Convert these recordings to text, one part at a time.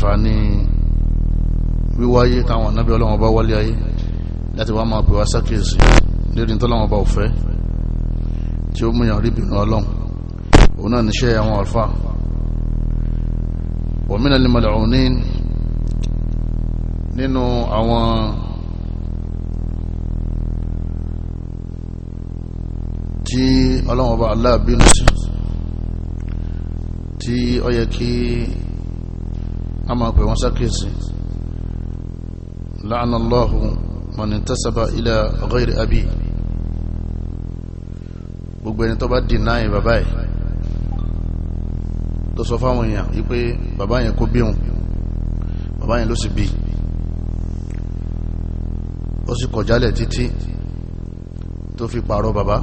àǹfààní wíwáyé táwọn ànábì ọlọ́wọ́n bá wálé ayé láti wá máa pè wá sákèsì lérí tọ́lọ́wọ́n bá òfẹ́ tí ó múyàn rí bìnú ọlọ́run òun náà níṣẹ́ àwọn alfa òmìnà lè mọ̀lẹ̀ òun ní nínú àwọn tí ọlọ́wọ́n bá aláàbínú sí tí ó yẹ kí a máa pè لعن الله من انتسب man غير ila ghayri abi gbogbo ẹni tó bá deny bàbá ẹ̀ tó sọ fáwọn èèyàn wípé bàbá yẹn kó bí òun bàbá yẹn ló sì bí ó sì kọjálẹ̀ títí tó fi pààrọ̀ bàbá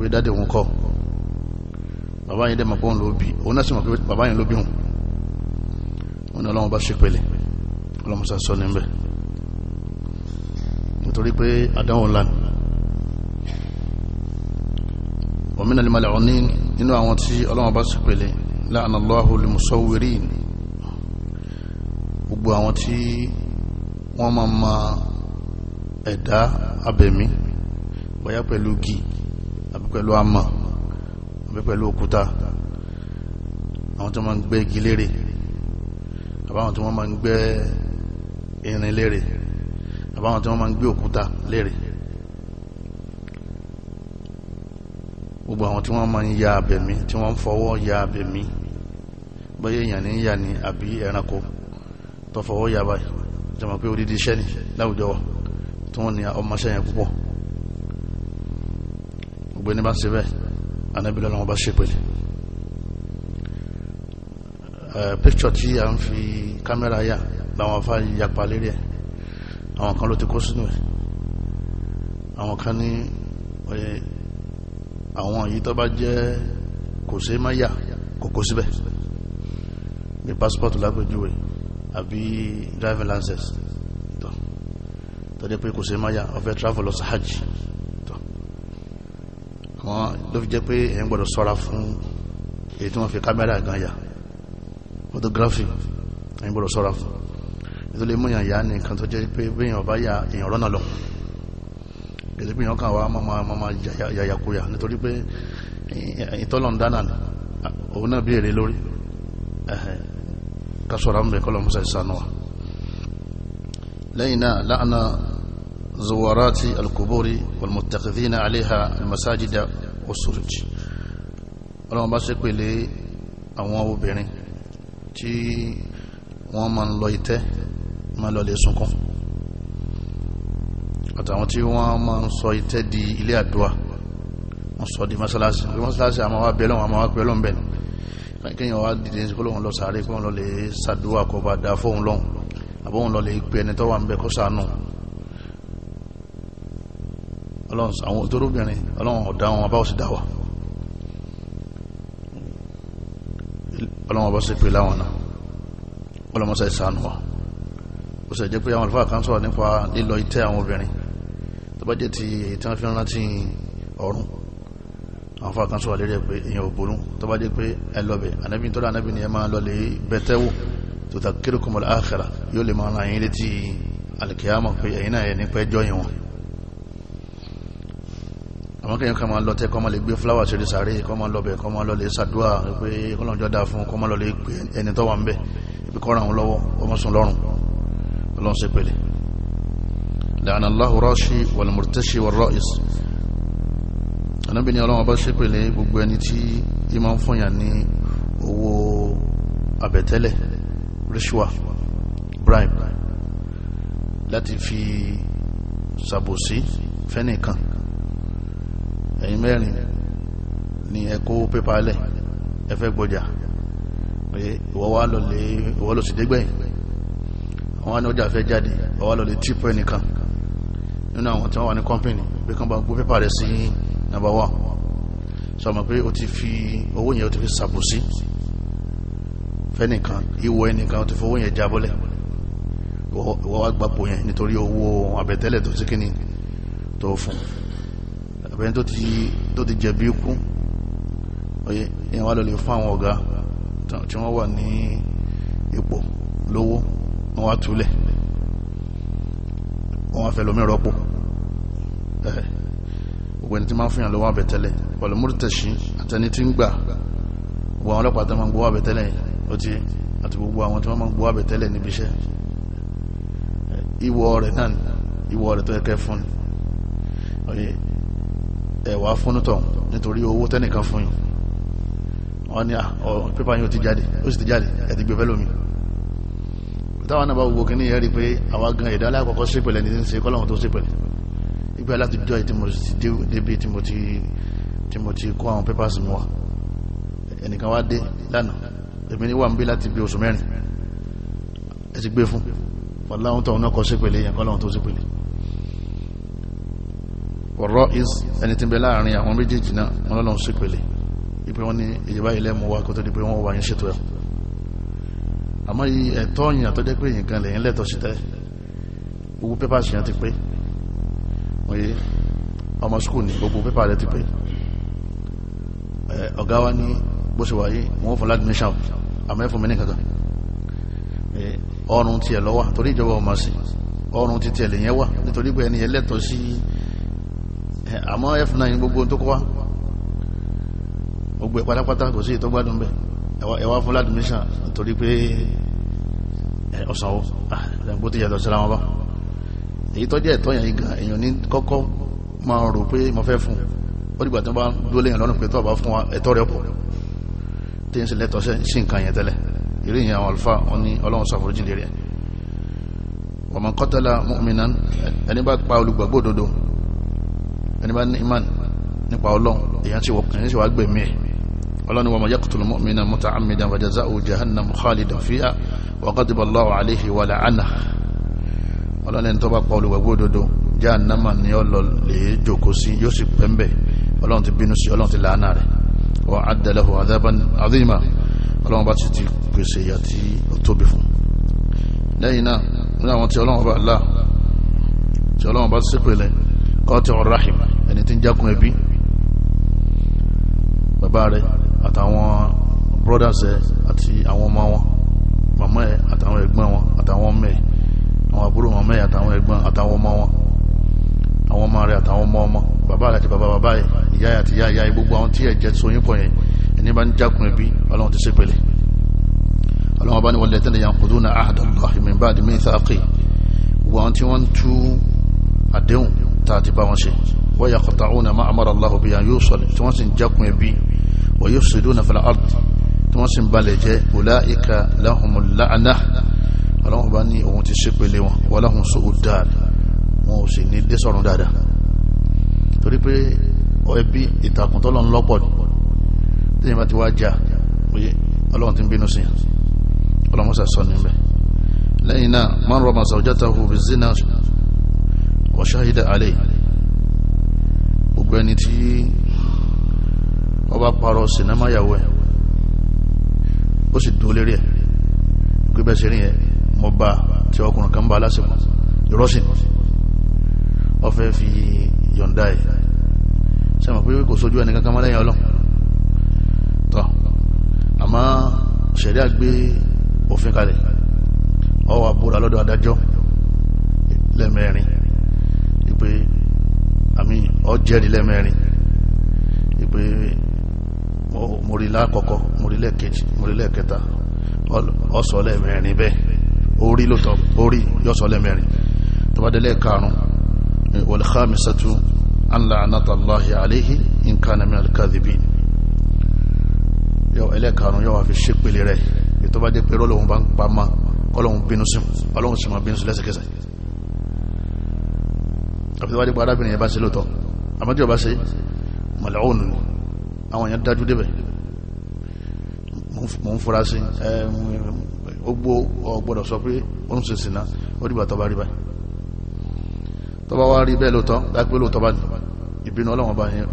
pé dáde òun kọ́ bàbá yẹn dẹ̀ mọ̀ pé òun ló bí òun náà sì mọ̀ pé bàbá yẹn ló bí wọn ni ọlọ́run bá ṣe pẹ̀lẹ̀ ọlọ́run sá sọ níbẹ̀ nítorí pé àdánwò ńlá ni òmìnà limalẹ̀ ọ̀ní nínú àwọn tí ọlọ́run bá ṣe pẹ̀lẹ̀ láàánà lọ́hùn limusọ́wìrì gbogbo àwọn tí wọ́n máa ma ẹ̀dá abẹ̀mí bóyá pẹ̀lú gi àbí pẹ̀lú àmà àbí pẹ̀lú òkúta àwọn tó máa ń gbé igi lérè àbáwọn tí wọ́n máa ń gbẹ́ irin lérè àbáwọn tí wọ́n máa ń gbé òkúta lérè gbogbo àwọn tí wọ́n máa ń ya abẹ̀mí tí wọ́n ń fọwọ́ ya abẹ̀mí bóyá èèyàn ní yà ní àbí ẹranko tó fọwọ́ ya báyìí jọmọ pé odidi iṣẹ́ ni láwùjọ wa tí wọ́n ní ọmọọṣẹ́ yẹn púpọ̀ gbogbo ẹni bá ń ṣe bẹ́ẹ̀ anábìlẹ̀ ọlọ́wọ́n bá ṣépele Eh, píkṣọ̀ tí a ń fi kámẹ́rà yà láwọn afá yapa lérí ẹ̀ àwọn kan ló ti kó sínú ẹ̀ àwọn kan ní àwọn yìí tó bá jẹ́ kò sí má yà kò kó síbẹ̀ bí passport lápẹjúwe àbí driving license tó dé pé kò sí má yà ó fẹ́ travel lọ sí hajj àwọn ló fi jẹ́ pé èyàn gbọ́dọ̀ ṣọ́ra fún èyí tí wọ́n fi kámẹ́rà gan yà photography ẹ̀yìn gbọ́dọ̀ sọ́ra fún nítorí mú yàn yá ní nǹkan tó jẹ́ pé bí èèyàn bá ya èèyàn rọ́nà lọ èdè bí èèyàn kàn wá máa máa yàyàkúyà nítorí pé ìtọ́lọ̀ ń dáná òun náà bí èrè lórí ká ń bẹ̀ kọ́lọ̀ musa ìsànú lẹ́yìn náà láàánà zuwarati alkubori walmutakidina aleha almasajida osuruji ọlọ́run bá ṣépè àwọn obìnrin tí wọ́n máa ń lọ ìtẹ́ máa lọ lè sunkún àtàwọn tí wọ́n máa ń sọ ìtẹ́ di ilé àdúrà wọ́n sọ di mọ́sálásí mọ́sálásí àmọ́ wá bẹ́ẹ̀ lọ́wọ́ àmọ́ wá bẹ́ẹ̀ lọ́wọ́ bẹ́ẹ̀ kéèyàn wá dìde sí kólóhùn lọ sàárè pé wọ́n lọ lè ṣàdúrà kó bá dá fóun lọ́hùn àbóhun lọ lè pe ẹni tó wà ń bẹ kó sànù ọlọ́run àwọn tó rúbìnrin ọlọ́run ọ̀dá wọn abáwọ̀sí dáwà ọlọ́mọba sí pé láwọn náà ọlọ́mọsá ìsànù wa ó sì jẹ́ pé àwọn àlùfáà kan sọ̀rọ̀ nípa lílọ itẹ́ àwọn obìnrin tó bá jẹ́ ti èyí tí wọ́n fi rántí ọ̀run àwọn àlùfáà kan sọ̀rọ̀ lérí ẹ̀ pé èèyàn ò burú tó bá jẹ́ pé ẹ lọ́bẹ̀ ànábì tó dáa ànábì ni ẹ máa lọ lè bẹ̀tẹ́wò tó ta kéré àkàrà yóò lè máa ràn yín létí àlìkìyàmọ̀ pé ẹ̀yin náà ẹ̀ nípa ẹjọ́ yìí wọn àwọn kéèyàn kan máa lọ tẹ kọ́ máa lè gbé fúláwà sí ìrísàárè kọ́ máa lọ́bẹ̀ kọ́ máa lọ́lẹ̀ ṣàdúrà pé kọ́lọ́njọ́ dáa fún kọ́ máa lọ́lẹ̀ pé ẹni tó wà ń bẹ̀ ibi kọ́ ra àwọn lọ́wọ́ ọmọ sùn lọ́rùn ọlọ́run ṣe pẹ̀lẹ́ la'ana Allahu rashi wal fẹ́nìkan ẹ̀yin mẹ́rin ni ẹ kó pépà lẹ̀ ẹ fẹ́ gbọ́jà pé ìwọ wá lọ lè ìwọ lọ sì dégbẹ̀yìn àwọn àni ọjà fẹ́ jáde ìwọ wá lọ lè tíìpù ẹnìkan nínú àwọn tí wọ́n wà ní kọ́mpìnì pé kán bá gbó pépà rẹ̀ sí nàbà wà sọmọ pé àbẹ̀yìn tó ti jẹ̀bi ikú oye èyàn wá lọ lè fún àwọn ọ̀gá tí wọ́n wà ní ipò lówó wọ́n wá túlẹ̀ wọ́n wá fẹ́ lómi rọ́pò gbogbo ẹni tí máa ń fìyàn lọ́wọ́ àbẹ̀tẹ́lẹ̀ pẹ̀lú múrítẹ̀ṣí àtẹni tí ń gbà gbogbo àwọn ọlọ́pàá ẹ̀wà fúnnútọ̀ nítorí owó tẹ́nìkan fún yín wọ́n ní pépà yín ó ti jáde ó sì ti jáde ẹ̀ ti gbé fẹ́lómi táwọn náà bá gbogbo kí ní ẹ̀rí pé àwa gan ẹ̀dá alákọ̀ọ́kọ́ sí pẹ̀lẹ́ ní ti ń ṣe kọ́lọ́hún tó sí pẹ̀lẹ́ ìgbà láti jọ ẹ̀ débi tí mo ti kó àwọn pépà sí mi wá ẹnìkan wá wọ̀rọ̀ is ẹni tí ń bẹ láàrin àwọn méjèèjì náà wọn lọ́lọ́run sí pèlè ipe wọn ni ìyẹ̀bá ilẹ̀ mú wa kó tó di pé wọ́n wà yín ṣètò ẹ̀ àmọ́ yìí ẹ̀tọ́ yìí àtọ́jẹ́ pé yìí gan lẹ́yìn lẹ́tọ̀ sí tẹ́ gbogbo pépà sì yẹn ti pé wọ́n yé ọmọ skul ní gbogbo pépà rẹ̀ ti pé ọ̀gá wa ní bó ṣe wà yìí wọ́n fún ládùmíṣàn àmọ́ ẹ̀fún mi ní kankan ọrùn tiẹ̀ lọ́wọ́ torí ìjọba ọmọ sí ọrùn ti tiẹ̀ lè yẹn wà nítorí pé ẹni yẹn lẹ́tọ̀ sí àmọ́ f9 gbogbo tó kọ́ wá gbogbo ẹ̀ pátápátá kò sí ètò gbádùn bẹ́ ẹwà fún ládùmíṣà torí pé ọ̀sánwó bó ti yàtọ̀ síra wọn bá èyí tọ́jẹ́ ẹ̀tọ́ yẹn gan èèyàn ní kọ́kọ́ máa rò pé mo fẹ́ fún ó dìgbà tó bá dúró lẹ́yìn lọ́nà pé tó bá fún wa ẹ̀tọ́ rẹ̀ pọ̀ tí ń sì lẹ́tọ̀ sí nǹkan yẹn tẹ́lẹ̀ ìrí ìyẹn àwọn alfa wọn ní ọlọ́run sàforíjì lè rẹ̀ wọ́n mọ̀ kọ́tẹ́lá mọ́mìnà ẹni bá pa olùgbàgbọ́ òdodo ẹni bá ní iman nípa ọlọ́run èyàn sì wá gbẹ̀mí ẹ̀ ọlọ́run wa man yaqtul mu'mina muta'ammidan fa jaza'uhu jahannam khalidan fiha wa ghadiba Allahu alayhi wa la'anahu ọlọ́run ẹni tó bá pa olùgbàgbọ́ òdodo jahannama ni ó lọ lè jókòó sí yóò sì pẹ́ńbẹ̀ ọlọ́run ti bínú sí ọlọ́run ti làánà rẹ̀ wa adda lahu ọlọ́run bá ti ti pèsè ìyà tí ó tóbi fún lẹ́yìn náà ẹni tí ń jákun ẹbí bàbá rẹ̀ àtàwọn brothers ẹ̀ àti àwọn ọmọ wọn màmá ẹ̀ àtàwọn ẹ̀gbọ́n wọn àtàwọn ọmọ ẹ̀ àwọn àbúrò màmá ẹ̀ àtàwọn ẹ̀gbọ́n àtàwọn ọmọ wọn àwọn ọmọ rẹ̀ àtàwọn ọmọ ọmọ bàbá rẹ̀ àti bàbá bàbá ẹ̀ ìyá ẹ̀ àti ìyá ìyá gbogbo àwọn tí ẹ̀jẹ̀ so yín pọ̀ yẹn ẹni bá ń jákun ẹbí ọlọ́run ti ṣépele ọlọ́run bá ní wọlé tẹ́lẹ̀ yàn kùdú náà ahdallahi min ba'di mithaqi gbogbo àwọn tí wọ́n ń tú àdéhùn tá a ti bá wọn ṣe wa yaqta'una ma amara Allahu bi an yusal tí wọ́n sì ń jákun ẹbí wa yufsiduna fil ard tí wọ́n sì ń balẹ̀ jẹ́ ulaika lahumul la'na ọlọ́run bá ní òun ti ṣépele wọn wa lahum su'ud dar wọn ò sì ní dé sọ́run dáadáa torí pé ẹbí ìtàkùn tọ́lọ́ ń alayhi gbogbo ẹni tí ọba parọ́ sinimá yàwó ẹ̀ ó sì dúó lérí ẹ̀ pé bẹ́ẹ̀ sí rí ẹ̀ mọ́ bá tí ọkùnrin kan bá aláṣẹ́kùn ìrọ́sìn ọfẹ́ fi yọ̀ǹda ẹ̀ sẹ́mọ̀ pé kò sójú ẹni kankan mọ́lẹ́yìn ọlọ́ tọ́ àmọ́ ṣẹ̀ríà gbé òfin kalẹ̀ ọwọ́ àbúrò alọ́dọ̀ adájọ́ lẹ́mẹ̀rin ọjẹ́rì lẹ́mẹ́rin ìpè morílẹ̀ àkọ́kọ́ morílẹ̀ kejì morílẹ̀ kẹta ọ̀sọ̀ lẹ́mẹ́rin bẹ́ẹ̀ orí ló tọ́ orí yọ́sọ̀ lẹ́mẹ́rin tó bá délẹ̀ karùn-ún wal khamisatu an la'anatallahi alayhi in kana min al-kadhibin yọ ẹlẹ́karùn-ún yọ wà fi ṣépele rẹ̀ ètò bá jẹ́ pé rọ́lọ́hun bá ń pa máa kọ́lọ́hun bínú sí ọlọ́hun sì máa bínú arábìnrin yẹn sí lóòótọ́ àmọ́ tí ọba ṣe mọ̀lẹ́wọ̀n nù àwọn èèyàn dájú débẹ̀ mo ń fura sí ogbó ọgbọ́dọ̀ sọ pé ó ń sèṣìnà ó dìgbà tọba rí báyìí tọba wá rí bẹ́ẹ̀ lóòótọ́ dápé lóòótọ́ bá ní ìbínú ọlọ́wọ́n bá yẹn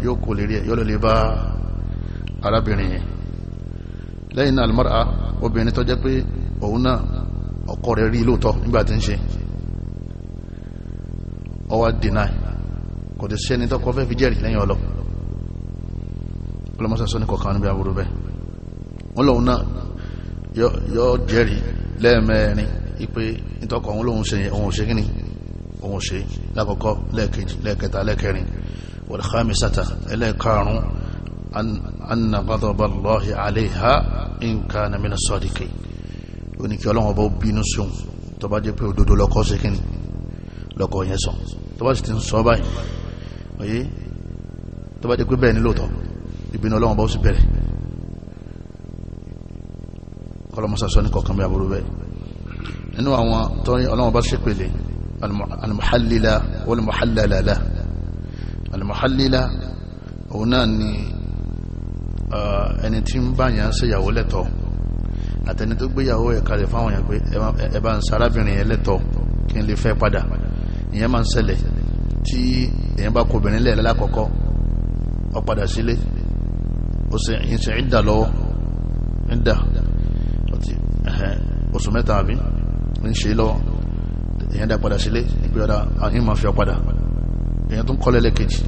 deny kò tẹ sẹ́ni tó kọ́ fẹ́ fi jẹ́rìí lẹ́yìn ọlọ ọlọmọsá sọ ní kọ̀ọ̀kan níbi àbúrò bẹ́ẹ̀ wọn lòun náà yọ jẹ́rìí lẹ́ẹ̀mẹ́rin ipe ìtọ́kọ̀ òun lòun ṣe òun ṣe kíni òun ṣe lákọ̀ọ́kọ́ lẹ́ẹ̀kejì lẹ́ẹ̀kẹta lẹ́ẹ̀kẹrin wal khamisata ẹlẹ́ẹ̀karùn anna ghadaba Allahi alayha in kana mina sadiqin oníkì ọlọ́wọ́n bá bínú sí òun tó bá jẹ́ pé òdodo lọ́kọ́ ṣe òye tó bá jẹ́ pé bẹ́ẹ̀ ni lóòótọ́ ìbínú ọlọ́run bá ó sì bẹ̀rẹ̀ kọlọmọsá sọ ní kọ̀ọ̀kan bí aburú bẹ́ẹ̀ nínú àwọn tọ́rin ọlọ́run bá ṣépele alimuhalila wọlimuhalalala alimuhalila òun náà ni ẹni tí ń bá yàn ṣe ìyàwó lẹ́tọ̀ọ́ àtẹni tó gbéyàwó ẹ̀ kalẹ̀ fáwọn yàn pé ẹ bá ń sa yẹn lẹ́tọ̀ọ́ kí n lè fẹ́ padà ìyẹn máa ń ṣẹlẹ̀ tí èyàn bá kó obìnrin lẹ́ẹ̀lẹ́ lákọ̀ọ́kọ́ ó padà sílé ó sì ń ṣe ìdà lọ́wọ́ ìdà oṣù mẹ́ta àbí ń ṣe lọ́wọ́ èyàn dá padà sílé ìpìlọ̀dá àyín máa fi ọ padà èyàn tún kọ́lẹ̀ lẹ́kejì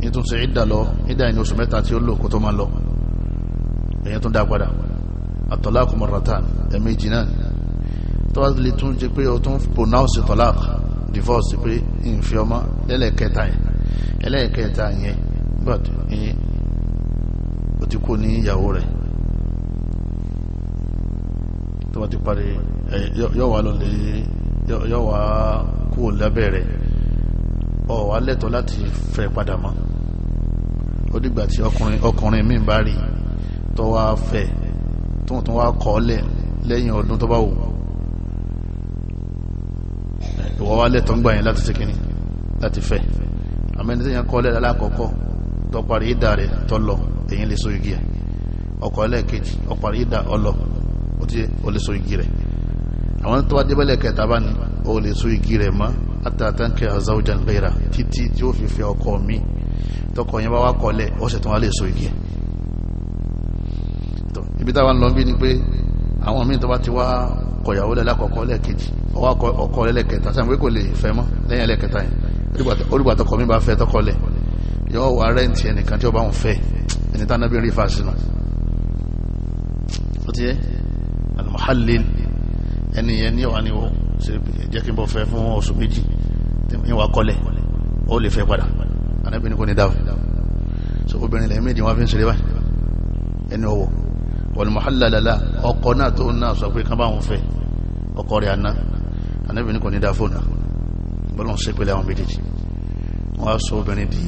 èyàn tún ṣe ìdà lọ ìdà ìní oṣù mẹ́ta tí ó lò kó tó máa lọ èyàn tún dá padà àtọ́láàkù mọ̀ràtà ẹ̀mẹ́jì náà tó lè tún jẹ pé ó tún pronounce tọ́láàkù divorce pé ìfẹ́ ọmọ lẹ́lẹ́kẹta yẹn ẹlẹ́kẹta yẹn but ẹ̀yìn eh, ó ti kó ní ìyàwó rẹ̀ tó bá ti parí eh, yọ́wà lọ́lẹ̀ yọ́wà kú lábẹ́ rẹ̀ ọ̀wà lẹ́tọ̀ láti fẹ́ padà mọ́ ó dìgbà tí ọkùnrin ọkùnrin mi bá rí tó wá fẹ́ tó tún wá kọ́ lẹ̀ lẹ́yìn ọdún tó bá wù eh, ìwọ wá lẹ́tọ̀ ń gbà yẹn láti ṣe kínní láti fẹ́ àmọ́ tí yẹn kọ́ lẹ́la lákọ̀ọ́kọ́ tó parí ìdá rẹ̀ èyí lè so igi ẹ̀ ọkọ̀ ẹlẹ́ẹ̀kejì ó parí ìdá ọlọ ó ti ó lè so igi rẹ̀ àwọn tó wá débẹ̀lẹ̀ kẹta bá ní ó lè so igi rẹ̀ mọ́ àtàtàǹkẹ́ azawujan gbéra títí tí ó fi mi yẹn bá wá ó sì tún wá lè so ibi lọ bí ni pé àwọn míì tó bá ti wá kọ̀yàwó lẹ́la kọ̀ọ̀kọ́ lẹ́ẹ̀kejì ọkọ̀ lẹ́lẹ́kẹta kò olùgbà tọkọ mi bá fẹ́ tọkọ lẹ̀ yọ wà rẹ́ǹtì ẹnìkan tí ó bá wọn fẹ́ ẹni tá nábì rí fàṣínà ó ti yẹ alimuhalil ẹni yẹn ní ọ̀hání wọ jẹ́ kí n bọ́ fẹ́ fún oṣù méjì ìwà kọlẹ̀ ó lè fẹ́ padà ànábì ní kò ní dáwọ̀ so obìnrin lẹ́yìn méjì wọ́n fi ń ṣeré báyìí ẹni ọwọ́ wọlùmọ̀hálàlàlà ọkọ náà tó náà sọ pé kán bá wọn fẹ́ ọkọ rẹ̀ àná ànábì ní kò ní dá fóònù bọ́lọ̀ ń ṣépele àwọn méjèèjì wọ́n á sọ obìnrin di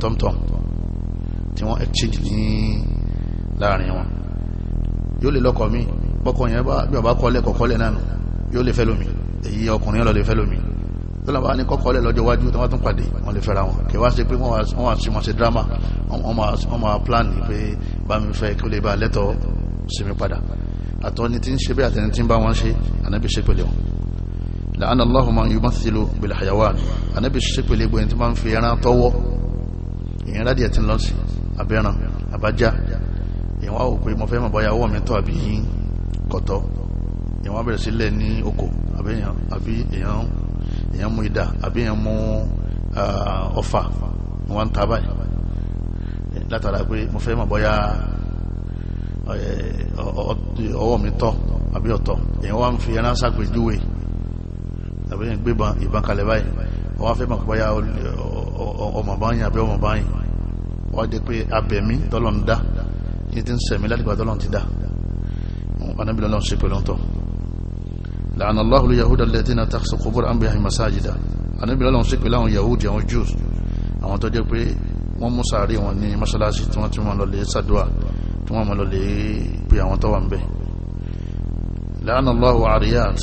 tọ́mtọ́m tí wọ́n exchange ní láàrin wọn yóò lè lọ́kọ̀ mi bọ́kọ̀ yẹn bí ọba kọ́lẹ̀ kọ̀kọ́lẹ̀ náà nù yóò lè fẹ́ lómi èyí ọkùnrin lọ lè fẹ́ lómi tó lọ́ba ní kọ́kọ́lẹ̀ lọ́jọ́ wájú tó wọ́n tún pàdé wọ́n lè fẹ́ra wọn kẹwàá ṣe pé wọ́n wá sí mọ̀ọ́sẹ̀ drama wọ́n máa plan pé bá mi fẹ́ kí ó lè ba lẹ́tọ̀ọ́ sí mi padà àtọ́ ni ti ń ṣe bí àtẹni ti ń bá wọn ṣe ànábì ṣe pẹ̀lẹ́ wọn la'ana Allahu man yumathilu bil hayawan anabi sepele gbogbo ẹni tí máa ń fi ẹran tọwọ́ èyàn rádìí ẹ̀ tí ń lọ sí abẹ́ran abájá èyàn wá òpè mo fẹ́ mọ̀ bọ́yá ọwọ́ mi tọ́ àbí kọ̀tọ́ èyàn wá bẹ̀rẹ̀ sílẹ̀ ní oko àbí èyàn mú idà àbí èyàn mú ọfà ni wọ́n ń ta báyìí látara pé mo fẹ́ mọ̀ bọ́yá ọwọ́ mi tọ́ àbí ọ̀tọ̀ èyàn wá ń fi ẹran sápèjúwe tàbí yẹn gbé ìbọn kalẹ̀ báyìí wọ́n fẹ́ mọ̀ pé báyà ọmọ báyìí àbí ọmọ báyìí wọ́n á jẹ́ pé abẹ̀mí tọ́lọ̀ ń dá yìí ti ń sẹ̀mí látìgbà tọ́lọ̀ ti dá anábì lọ́lọ́ ṣe pẹ̀lú tọ́ làánà lọ́hùlù yahuda lẹ́tìnà tàkṣe kòbóra àmì àyè masáàjìdá anábì lọ́lọ́ ṣe pẹ̀lú àwọn yahudi àwọn jews àwọn tó jẹ́ pé wọ́n mú sàárè wọn ní masalasi tí wọ́n ti mọ̀ lọ́lẹ̀ sàdúà tí wọ́n mọ̀ lọ́lẹ̀ pé àwọn tó ń bẹ̀ làánà lọ́hù àríyàt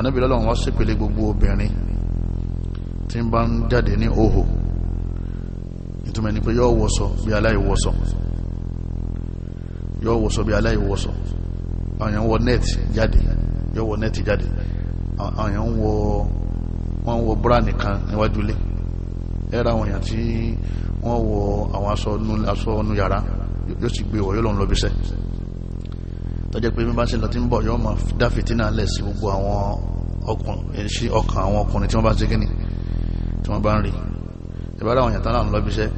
ànábì lọ́lọ́run wá ṣépele gbogbo obìnrin tí ń bá ń jáde ní òhò ìtumọ̀ ni pé yọ́ wọ́sọ bí aláìwọ́sọ yọ́ wọ́sọ bí aláìwọ́sọ àwọn wọ nẹ́ẹ̀tì jáde yọ́ wọ nẹ́ẹ̀tì jáde àwọn wọ wọ́n wọ búrá nìkan níwájú ilé ẹ̀rọ àwọn èèyàn tí wọ́n wọ àwọn aṣọ ọnu yàrá yóò sì gbé wọ̀ yóò lọ́n lọ́bíṣẹ́ tọ́jẹ́ pé bí bá ṣe lọ tí ń bọ̀ yọ́ ma dá fìtínà lẹ̀ sí gbogbo àwọn ọkàn àwọn ọkùnrin tí wọ́n bá ṣe kíni tí wọ́n bá ń rí ìbára àwọn yàtọ̀ náà lọ ibiṣẹ́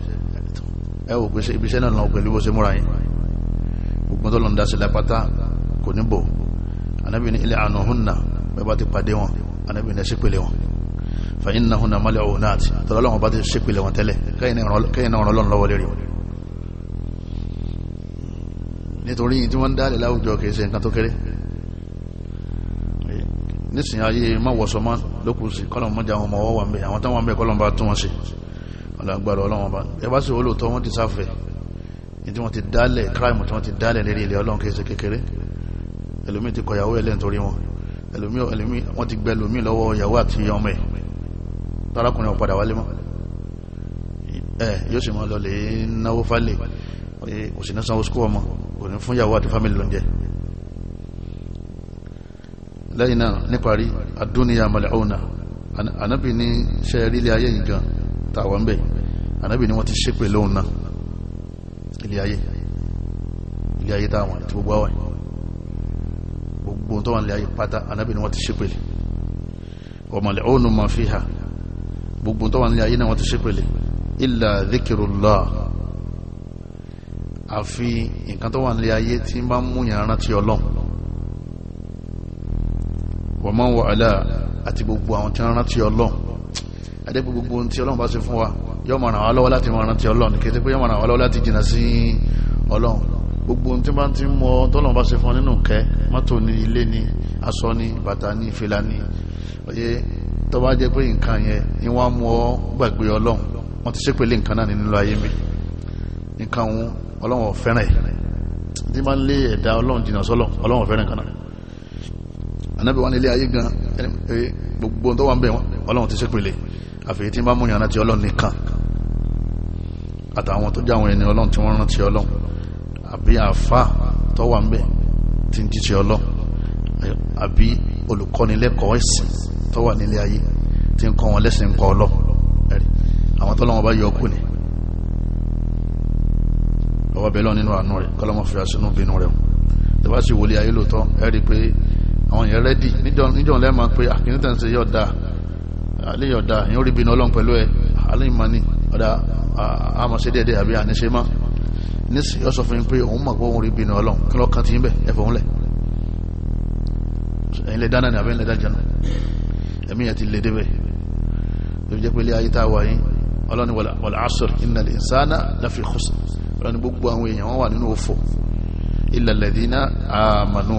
ẹ wò pèsè ibiṣẹ́ náà lọ pẹ̀lú bó ṣe múra yín gbogbo tó lọ ń daṣẹ́ lápátá kò ní bò anábì ní ilé àna húnna bẹ́ẹ̀ bá ti pàdé wọn anábì ní ṣépele wọn fàyín náà húnna málẹ̀ òun náà ti tọ́lọ́lọ́wọ́n bá ti ṣépele wọn tẹ́lẹ̀ kẹ́yìn náà ràn lọ́wọ́ lérí wọn nítorí tí wọ́n ń dálẹ̀ láwùjọ kìí ṣe nǹkan tó kéré nísìnyí ayé máwọ̀sọ mọ́ lókùn sí kọ́lọ̀mù mọ́jà àwọn ọmọ ọwọ́ wà ń bẹ àwọn táwọn ń bẹ kọ́lọ̀mù bá tún wọn ṣe ọlọ́gbàrá ọlọ́wọ́n bá ẹ bá sì olóòótọ́ wọ́n ti sáfẹ́ ní tí wọ́n ti dálẹ̀ kíráìmù tí wọ́n ti dálẹ̀ lérí ilẹ̀ ọlọ́run kìí ṣe kékeré ẹlòmí ti kọ ìyàwó ẹlẹ́ nítorí wọn ẹlòmí ẹlòmí wọ́n ti gbẹ lòmí lọ́wọ́ ìyàwó àti ọmọ ẹ̀ tarakùnrin ọ̀padà wálé mọ́ ẹ yóò sì mọ́ lọ lè náwó fálẹ̀ òsì náà sanwó skó ọmọ kò ní fún yàwó àti fámílì lóúnjẹ lẹ́yìn náà níparí adúníyà mal'una anábì ní ṣe rí ilé ayé yìí gan tàwa ń bẹ̀ anábì ní wọ́n ti ṣépè lóhun náà ilé ayé ilé ayé táwọn àti gbogbo àwọn gbogbo tó wà ní ayé pátá anábì ní wọ́n ti ṣépè àfi nǹkan tó wà nílé ayé tí ń bá mú yàn rántí ọlọ́run wọ́n máa ń wọ àlá àti gbogbo àwọn tí wọ́n rántí ọlọ́run adé gbogbo ohun tí ọlọ́run bá ṣe fún wa yóò máa ràn wá lọ́wọ́ láti máa rántí ọlọ́run kí ẹ ti pé yóò máa ràn wá lọ́wọ́ láti jìnnà sí ọlọ́run gbogbo ohun tí wọ́n ti mọ tọ́lọ́run bá ṣe fún nínú kẹ́ mọ́tò ní ilé ní aṣọ ní bàtà ní ìfìlà ní oyè tó bá jẹ́ pé nǹkan yẹn ni wọ́n mú ọ gbàgbé ọlọ́run wọ́n ti ṣépele nǹkan náà nínú ayé mi nǹkan òun ọlọ́run fẹ́ràn ẹ̀ tí máa ń lé ẹ̀dá ọlọ́run jìnnà sọ́lọ́ ọlọ́run fẹ́ràn kan náà anábì wà nílé ayé gan gbogbo tó wà ń bẹ̀ ọlọ́run ti ṣépele àfihì tí bá mú yàrá ti ọlọ́run nìkan àtàwọn tó jẹ́ àwọn ẹni ọlọ́run tí wọ́n rántí ọlọ́run àbí àfá tó wà ń bẹ̀ tí ń jíṣẹ́ ọlọ́run ọwọ́ bẹ́ẹ̀ lọ nínú àánú rẹ̀ kọ́lọ́mọ́ fi àṣínú bínú rẹ̀ tó bá sì wòlé ayé lóòótọ́ ẹ rí i pé àwọn yẹn rẹ́dì níjọ́ lẹ́ẹ̀ma pé àkíní tẹ̀ ń ṣe bínú ọlọ́run pẹ̀lú ẹ alẹ́ ìmọ̀ ni àbí àníṣe má sọ fún yín òun mọ̀ ọlọ́ni gbogbo àwọn èèyàn wọ́n wà nínú òfò illa alladhina amanu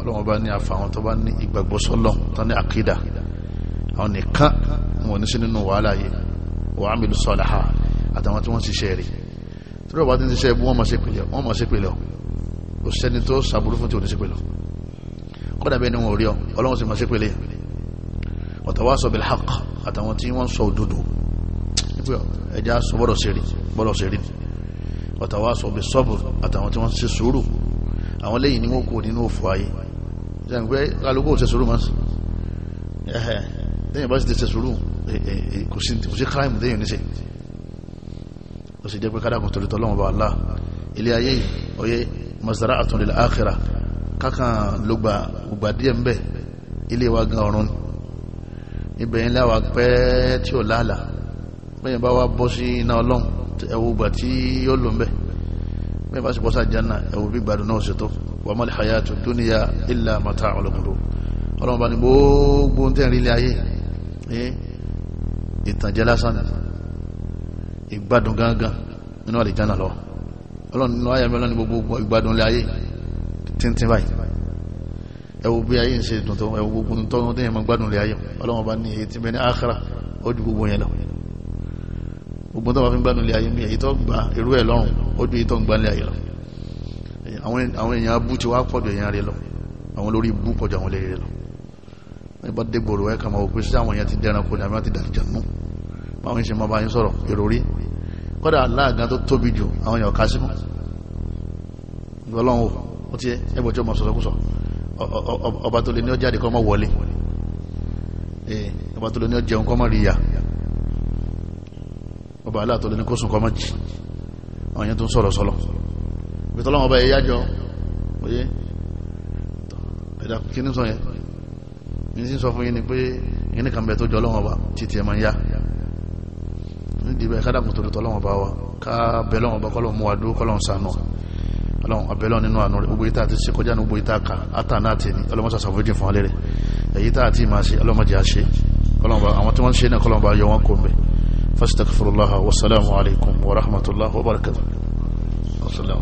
ọlọ́wọ́n bá ní àfàwọn tó bá ní ìgbàgbọ́ sọ́lọ̀ tán ní àkídà àwọn nìkan wọn ní sí nínú wàhálà yìí wa amilu saliha àtàwọn tí wọ́n ti ṣe rí tí wọ́n bá ti ń ṣiṣẹ́ ẹbú wọ́n máa ṣe pẹ̀lẹ́ wọ́n kò sẹ́ni tó sàbúrú fún ti òní ṣe pẹ̀lẹ́ kọ́dà bẹ́ẹ̀ ni wọn rí ọ ọlọ́wọ́n sì máa ṣe pẹ̀lẹ́ watawasaw bil haqq àtàwọn tí wọ́n sọ òdodo ẹja sọ bọ́dọ̀ ṣe rí bọ́dọ̀ ṣe rí ni wàtàwàsọ bí sọ́bù àtàwọn tí wọ́n ṣe sùúrù àwọn lẹ́yìn ni wọ́n kò nínú òfò ayé jẹ́n pé alógó ò ṣe sùúrù mọ́ sí ẹ̀hẹ̀ lẹ́yìn bá sì ti ṣe sùúrù kò sí crime lẹ́yìn níṣẹ́ ó sì jẹ́ pé kádàkùn torí tọ́lọ́wọ́n bá Allah ilé ayé oyé masara àtúnlẹ̀ àkìrà kákan ló gba ògbà díẹ̀ ńbẹ̀ wa gan ọ̀run ibẹ̀ ńlá pẹ́ tí ò lálàá bẹ́yìn bá wa bọ́ sí iná ọlọ́run ẹwù gbà tí yóò lò ń bẹ̀ mẹ́fà sí bọ́sà jẹ́nà ẹwù bí gbàdùn náà ṣètò wà mọ́lẹ̀ hayatu dúníyà ilà mata ọlọ́kùnrin ọlọ́run bá ní gbogbo ń tẹ̀rí ilé ayé ìtànjẹ lásán ìgbádùn gángan nínú àlìjánà lọ ọlọ́run nínú ayé mẹ́lọ́ ní gbogbo ìgbádùn ilé ayé tíntín báyìí ẹwù bí ayé ń ṣe dùn ẹwù gbogbo tó ń tẹ́yìn mọ́ gbádùn ilé ayé ọlọ́run bá ní èyí bẹ́ẹ̀ ní áhàrà ó ju gbogbo yẹn lọ gbogbo tó bá fi ń gbádùn ilé ayé mi èyí tó gba irú ẹ̀ lọ́rùn ó ju èyí tó ń gbá ilé ayé lọ àwọn èèyàn abú ti wá pọ̀jù èèyàn rẹ lọ àwọn lórí ibú pọ̀jù àwọn olórí rẹ lọ nígbà dé gbòòrò ẹ̀ kàmọ́ òpin sí àwọn èèyàn ti dẹran kò ní àmì láti dàjà mú báwọn ń ṣe máa bá yín sọ̀rọ̀ èrò rí kọ́dà aláàgán tó tóbi jù àwọn èèyàn kà sí mọ́ ìgbọ́lọ́hún ó ti ẹgbẹ́ tí ó mọ̀ ọba aláàtọ̀lẹ́ ní kó sùn kọmọ́ jì àwọn yẹn tó ń sọ̀rọ̀ sọ́lọ̀ bí tọ́lọ́wọ́ ọba ẹ̀yájọ́ oyé ẹ̀dà kí ní sọ yẹn ní sí sọ fún yín ni pé yín nìkan bẹ̀ tó jọ ọlọ́wọ́ ọba títí ẹ̀ máa ń yá nídìí bẹ́ẹ̀ kádàkùn torí tọ́lọ́wọ́ ọba wa ká bẹ̀ lọ́wọ́ ọba kọ́lọ́ mú wa dúró kọ́lọ́ sànù ọlọ́run abẹ́lọ́ nínú àánú rẹ̀ gbogbo ìta àti sí kọjá ní gbogbo ìta ka àtànà àti ní ọlọ́mọsà sàfojì fún alẹ́rẹ̀ èyí tá àti máa ṣe ọlọ́mọdé àṣe àwọn tí wọ́n ń ṣe náà kọlọ́mọba yọ wọn kò mẹ́ فاستغفر الله والسلام عليكم ورحمة الله وبركاته